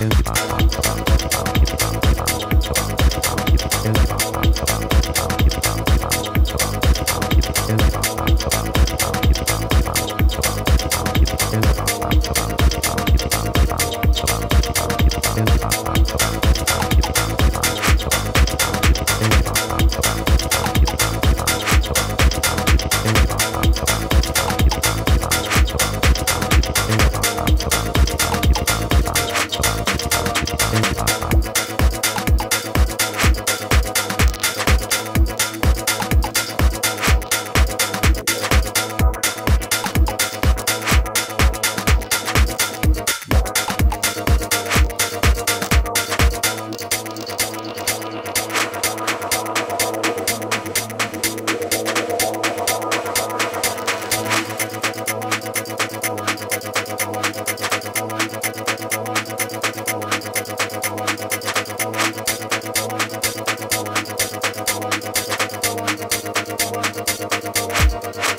Dance Pop.